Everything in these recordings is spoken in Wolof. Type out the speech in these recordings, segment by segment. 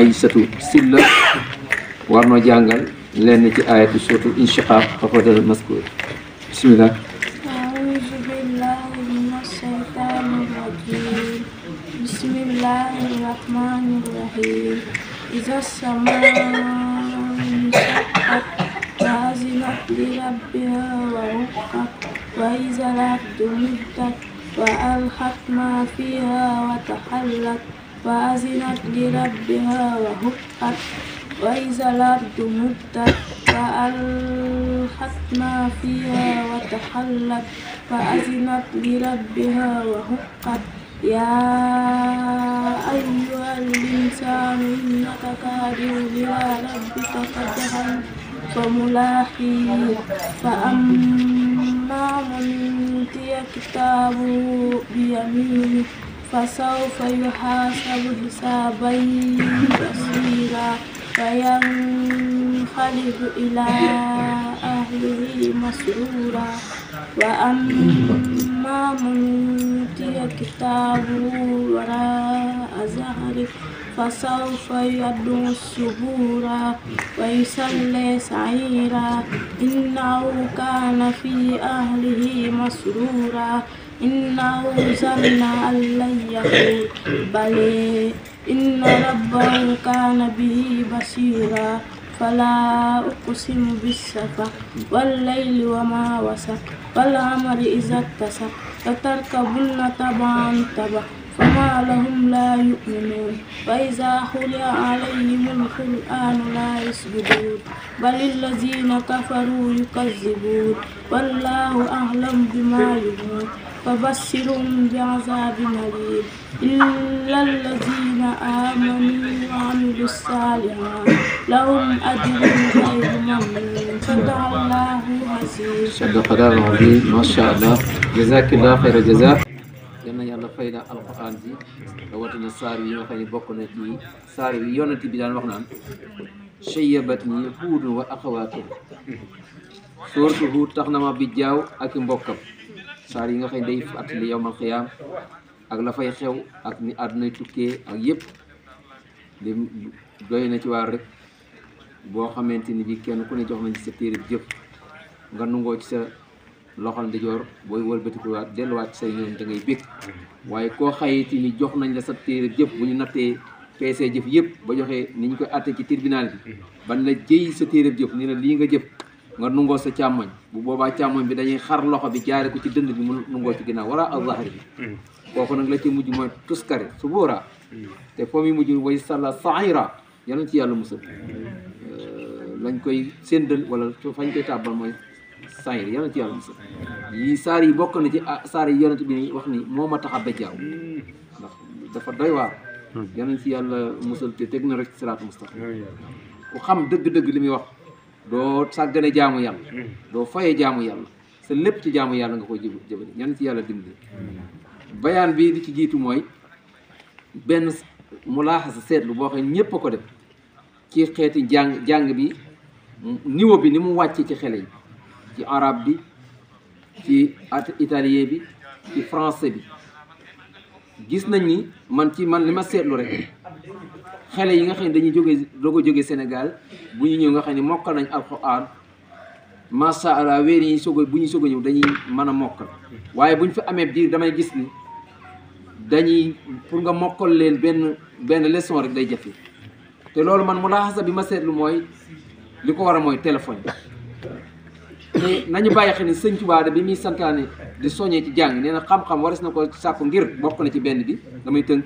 Aysatu Silla war na jàngal ci ayatu surtout inshiqaq faqadal maskur bismillah وأذنت لربها وحقت وإذا العبد مدت وألقت ما فيها وتحلت وأذنت لربها وهقت وإذا الأرض مدت وألحت ما فيها وتحلت وأذنت لربها وحقت يا أيها الإنسان إنك كادح إلى ربك قدحا فملاقيه فأما من أوتي كتابه بيمينه فسوف يحاسب حسابا بصيرا وينقلب إلى أهله مسرورا وأما ومن أوتي كتابه وراء ظهره فسوف يدعو السبورا ويصلي سعيرا إنه كان في أهله مسرورا إنه ظن أن لن يقول بل إن ربه كان به بصيرا فلا أقسم بالشفق والليل وما وسق والعمر إذا اتسق لتركبن طبعا طبعا فما لهم لا يؤمنون وإذا خلع عليهم القرآن لا يسجدون بل الذين كفروا يكذبون والله أعلم بما يبون وبشرهم بعذاب أليم إلا الذين آمنوا وعملوا الصالحات لهم أجر غير ممنون فدع الله عزيز صدق الله العظيم ما شاء الله جزاك الله خير الجزاء القرآن دي رواتنا ساري وخاني بقنا دي ساري ويونتي بدان وقنا شيبتني هود وأخواته سورة هود تخنا ما بيجاو أكيم بقنا saar yi nga xam ne day fàttali yowmal xiyaam ak la fay xew ak ni àdduna tukkee ak yépp di doy na ci waar rek boo xamante ni bi kenn ku ne jox nañ ci sa téere jëpp nga nungoo ci sa loxol ndijoor booy wëlbatikuwaat delluwaat ci say ñoom da bég waaye koo xayiti ni jox nañ la sa téere jëpp bu ñu nattee peesee jëf yëpp ba joxee ni ñu koy àtte ci tribunal bi ban la jëy sa téere jëf ni la lii nga jëf nga nungoo sa càmmoñ bu boobaa càmmoñ bi dañuy xar loxo bi jaare ko ci dënd bi mu nungoo ci ginnaaw wara azahri bi mm. kooku nag la ci mujj mooy tuskari su bóoraa mm. te foo mu mujj way salla saira yanoon ci yàlla musal mm. euh, lañ koy séndal wala fañ koy tàbbal mooy sair yanoon ci yàlla saar yi bokk na ci ah, saar yi yonent wax ni moo ma tax a bejjaaw ndax dafa doy waar yanoon ci yàlla musal te teg na rek siraatu mustaqim ku xam dëgg-dëgg li muy wax doo sàggane jaamu yàlla hmm. doo faye jaamu yàlla sa lépp ci jaamu yàlla nga ko jëb jëbale ñan ci yàlla dimbali bayaan bi li ci jiitu mooy benn mulaaxasa seetlu boo xam ñépp a ko def ci xeeti jàng jàng bi niveau bi ni mu wàccee ci xele yi ci arabe bi ci italien bi ci français bi gis nañ ni man ci man li ma seetlu rek xale yi nga xam ne dañuy jóge doog ko jóge Sénégal bu ñu ñëw nga xam ni mokkal nañ alxuraan macha allah weer yi soog a bu ñuy soog a ñëw dañuy man a mokkal waaye bu ñu fi amee diir damay gis ni dañuy pour nga mokkal leen benn benn leçon rek day jafe te loolu man mu laaxasa bi ma seetlu mooy li ko war a mooy téléphone te nañu bàyyi xel ni sëñ Tuubaa bi muy santaane di soññee ci jàng nee na xam-xam waris na ko sàkku ngir bokk na ci benn bi damay tënk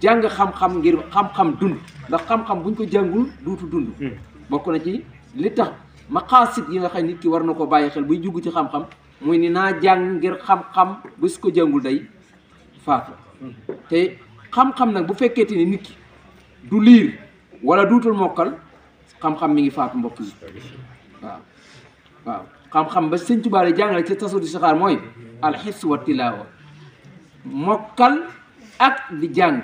jàng xam-xam ngir xam-xam dund ndax xam-xam buñ ko jàngul duutu dund hmm. bokk na ci li tax maqaasid yi nga xam nit ki war na ko bàyyi xel buy jugg ci xam-xam muy ni naa jàng ngir xam-xam bis ko jàngul day faatu hmm. te xam-xam nag bu fekkee ni nit ki du liir wala duutul mokkal xam-xam mi ngi faatu mbokk yi waaw xam-xam ba sëñ Tuubaa jàngale ci tasu di saxaar mooy alxis wa tilaawa mokkal ak di jàng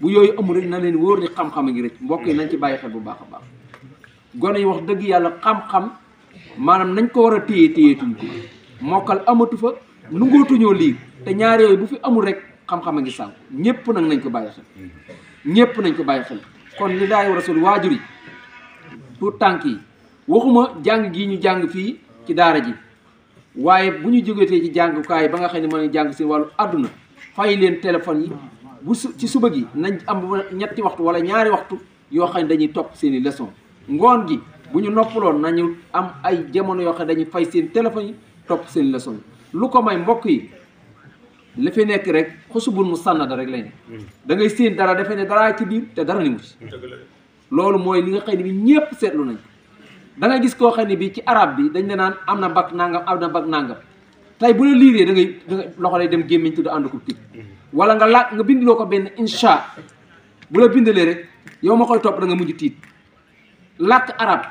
bu yooyu amul rek na leen wóor ni xam-xam a ngi rëcc mbokk yi nañ ci bàyyi xel bu baax a baax gone yi wax dëgg yàlla xam-xam maanaam nañ ko war a téye téyeetuñ ko mokkal amatu fa nungootuñoo lii te ñaar yooyu bu fi amul rek xam-xam a ngi sànq ñépp nag nañ ko bàyyi xel ñépp nañ ko bàyyi xel kon li daay war a sol waajur yi pour tànk yi waxuma jàng gii ñu jàng fii ci daara ji waaye bu ñu jógetee ci jàngukaay ba nga xam ne mën a jàng si wàllu àdduna fay leen téléphone yi bu su ci suba gi nañ am ñetti waxtu wala ñaari waxtu yoo xam ne dañuy topp seen i leçon ngoon gi bu ñu noppaloon nañu am ay jamono yoo xam ne dañuy fay seen téléphone yi topp seen i lu ko may mbokk yi li fi nekk rek xusubul mu sànnada rek lay ne mm. da ngay séen dara defe ne daraa ci biir te dara ni mu loolu mooy li nga xam bi ñëpp seetlu nañ da ngay gis koo xam ne bi ci arab bi dañ ne naan am na bag nangam am na bag nangam tay bu la liré da ngay loxo lay dem gemmiñ tudd andu ko tik wala nga laaj nga bindiloo ko ben insha bu la bindalee rek yow ma koy top da nga mujj tit lak arab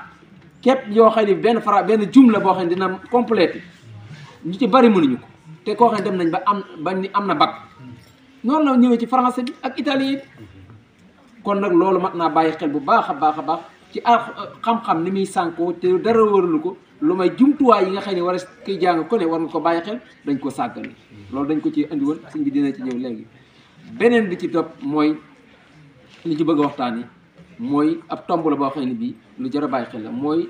kep yo xam ben fara ben jumla bo xam dina complète ñu ci bari mënuñu ko té ko xam dem nañ ba am ba ni amna na bac noonu la ñëwee ci français bi ak italien bi kon nak loolu mat naa bàyyi xel bu baaxa baaxa baax ci eh, xam-xam ni muy sànkoo te dara wëralu ko lu may jumtuwaay yi nga xam ne war a kiy jàng ko ne war nga ko bàyyi xel dañ ko sàggane loolu dañ ko ci andi woon sëñ bi dina ci ñëw léegi beneen bi ci topp mooy li ci bëgg a waxtaane mooy ab tomb la boo xam ne bii lu jar a bàyyi xel la mooy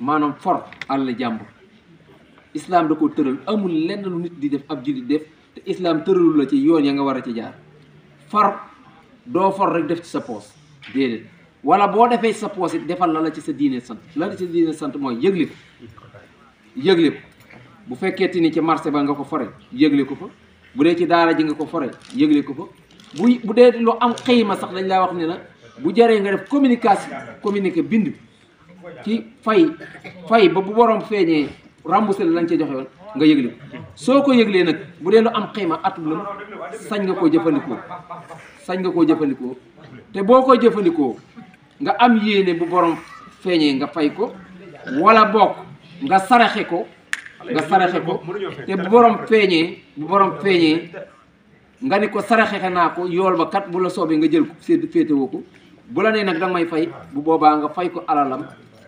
maanaam for àll jàmbur islam da ko tëral amul lenn lu nit di def ab jullit def te islam tëralul la ci yoon ya nga war a ci jaar for doo for rek def ci sa poos déedéet wala boo defee sa poos defal la la ci sa diine sant la la ci sa diine sant mooy yëgle ko yëgle ko bu fekkee ti ni ci marché ba nga ko fore yëgle ko fa bu dee ci daara ji nga ko fore yëgle ko fa bu bu dee lu am ma sax dañ laa wax ne la bu jaree nga def communication communiqué bind ci fay fay ba bu borom feeñee remboursé la lañ ca joxe woon nga yëgle ko soo ko yëglee nag bu dee lu am ma atum la sañ nga koo jëfandikoo sañ nga koo jëfandikoo te boo ko jëfandikoo nga am yene bu borom feñe nga fay ko wala bok nga saraxé ko nga saraxé ko té bu borom feñe bu borom feñe nga ni ko saraxé naa ko yool ba kat bu la soobee nga jël ko féetewoo ko bu la nee nak dang may fay bu boba nga fay ko alalam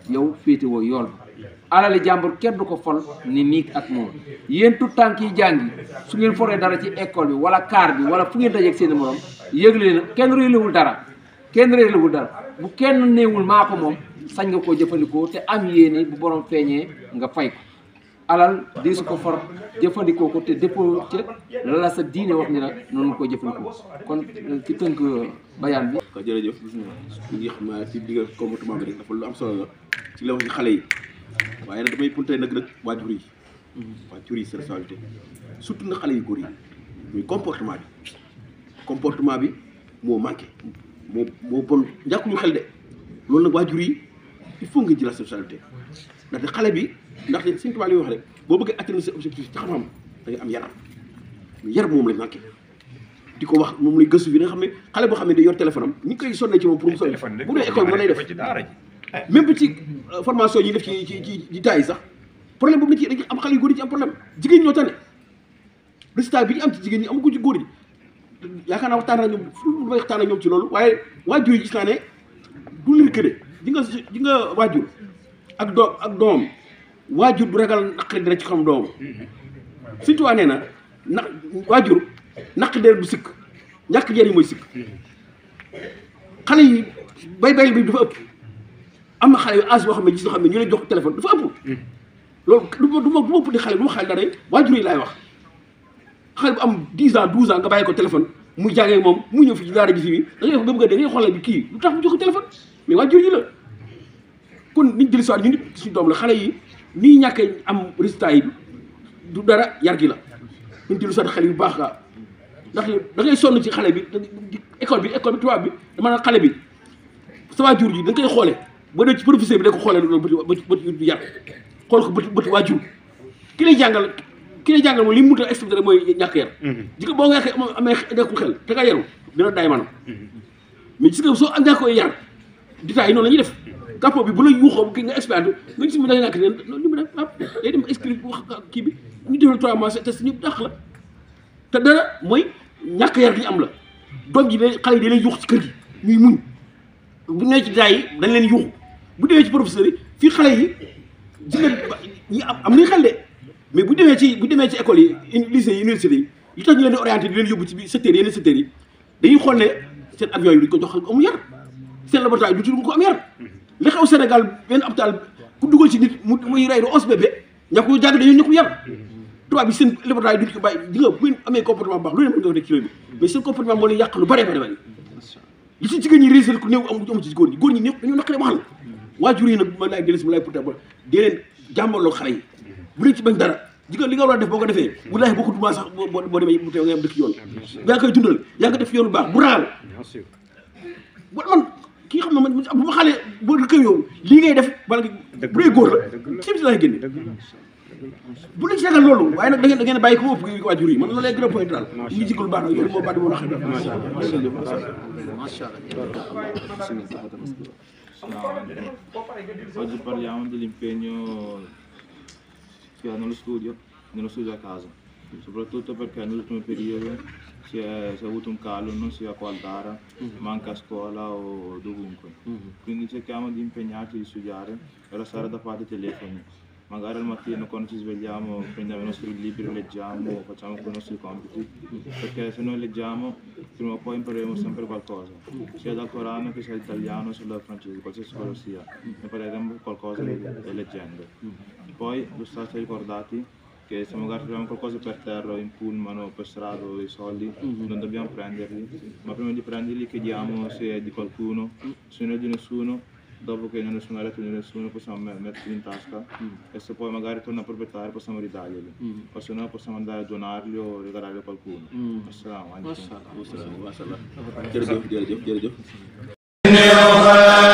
yow wo yool ba alali jambour kenn du ko fol ni nik ak moom yeen tout temps ki jangi su ngeen foré dara ci école bi wala car bi wala fu ngeen ak seen morom yeglé na kenn réelewul dara kenn réelewul dara bu kenn néewul maa ko moom sañ nga koo jëfandikoo te am yéene bu borom feeñee nga fay ko alal di su ko for jëfandikoo ko te dëppoo ca la sa diine wax ni la noonu ko jëfandikoo kon euh, ci tënk euh, bayaan bi. waaw jërëjëf ñu ngi xam naa euh, ci digga comportement bi rek dafa lu am solo la ci la wax xale yi waaye nag damay punte nag sa responsabilité surtout na xale yi muy comportement bi comportement bi moo manqué. moo moo bon ñàkkuñu xel de loolu nag waajur yi il faut nga jël responsabilité ndaxte xale bi ndaxte suñu tubaab yi wax rek boo bëggee atteindre sa objectif ci xam-xam da am yaram yar moom la manqué di ko wax moom lay gëstu bi nga ne xale boo xam ne day yor téléphone am ñu koy sonné ci moom pour mu sonné bu dee école mën nay def même petit euh, formation yi def ci ci ci ci yi sax problème boobu na ci dañ am xale yu góor yi ci am problème jigéen ñoo tane résultat bi ñu am ci jigéen ñi am ko ci góor yi yaakaar naa waxtaan nañu lu may waxtaan ak ñoom ci loolu waaye waajur yi gis naa ne du liir këre ji nga ji nga waajur ak doom ak doom waajur bu ragal naqari dara ci xam doom surtout waa nee na na waajur naqari dara du sikk ñàkk yi mooy sikk xale yi bay bay bi dafa ëpp am na xale yu âge boo xam ne gis nga xam ne ñu lay jox téléphone dafa ëpp mm. loolu du ma du ma du ma ëpp di xale du ma xale dara waajur yi laay wax xale bu am 10 ans 12 ans nga bàyyi ko téléphone mu jàngee moom mu ñëw fi ci daara ji fii da ngay nga a da ngay xoolal bi kii lu tax mu jox ko téléphone mais waajur yi la kon niñ jëli soir ñu nit suñu doom la xale yi nii ñàkk am résultat yi du dara yar gi la ñu jëli soir xale yu baax la ndax da ngay sonn ci xale bi école bi école bi bi dama naan xale bi sa waajur ji da koy xoolee boo dee ci professeur bi da ko xoolee loolu bët bët yar xool ko bët waa waajur ki lay jàngal ki lay jàngal li mu mënut a expliqué rek mooy ñàkk yar jikko mhm. boo nga amee nekkul xel am mhm. la ñuy def capot bi bu la yuuxoo ki nga expérimenté nga gis a ah, day dem expliqué kii bi ñu defal trois mois test te dara mooy ñàkk yar gi am la doom ji da xale yi da leen yuux ci kër gi ñuy muñ bu nee ci détails yi yuuxu bu demee ci professeurs yi fii xale yi gis ñi am am nañ xel de mais bu demee ci bu demee ci école yi lycée yi université yi li tax ñu leen di orienté leen yóbbu ci biir secteurs yenn secteurs yi dañuy xool ne seen avion yi duñ ko jox ko amu yar seen laboratoire du duñ ko am yar li xew Sénégal benn hôpital ku dugal ci nit mu muy rey du os bébé ña ko jàng dañoo ña ko bàyyi di nga bu amee comportement bu baax lu ne mën nga seen comportement moo leen yàq lu bare bare bare li ci jigéen ñi réussir ku néew amu amu ci góor ñi góor ñi néew dañoo naqaree ma laay bu dee ci bañ dara jigéen li nga a def boo ko defee wallaahi boo ko dumaa sax boo boo demee yaa ngi dundal yaa ngi def yoon bu baax bu raal loolu waaye nag da ngeen da ngeen man loolu lay gën a point daal lu baax nag yooyu moo bàddi moo naxee macha Allah macha Allah cioè nello studio, nello studio a casa, soprattutto perché nell'ultimo periodo si è, si è, avuto un calo non sia qua al Dara, uh mm-hmm. -huh. ma anche a scuola o dovunque. Uh mm-hmm. -huh. Quindi cerchiamo di impegnarci di studiare e lasciare da parte i telefoni. Magari al mattino quando ci svegliamo prendiamo i nostri libri, leggiamo, facciamo i nostri compiti, mm-hmm. perché se noi leggiamo prima o poi impareremo sempre qualcosa, sia dal Corano che sia dall'italiano, sia dal francese, qualsiasi cosa sia, impareremo qualcosa leggendo. Poi lo state ricordati che se magari troviamo qualcosa per terra, in pullman o per strada o i soldi, mm-hmm. non dobbiamo prenderli, ma prima di prenderli chiediamo se è di qualcuno, mm. se non è di nessuno, dopo che non è ha letto di nessuno possiamo metterli in tasca mm. e se poi magari torna a proprietario possiamo ridarglieli mm. o se no possiamo andare a donarli o regalarli a qualcuno mm. Assalamu alaikum Assalamu alaikum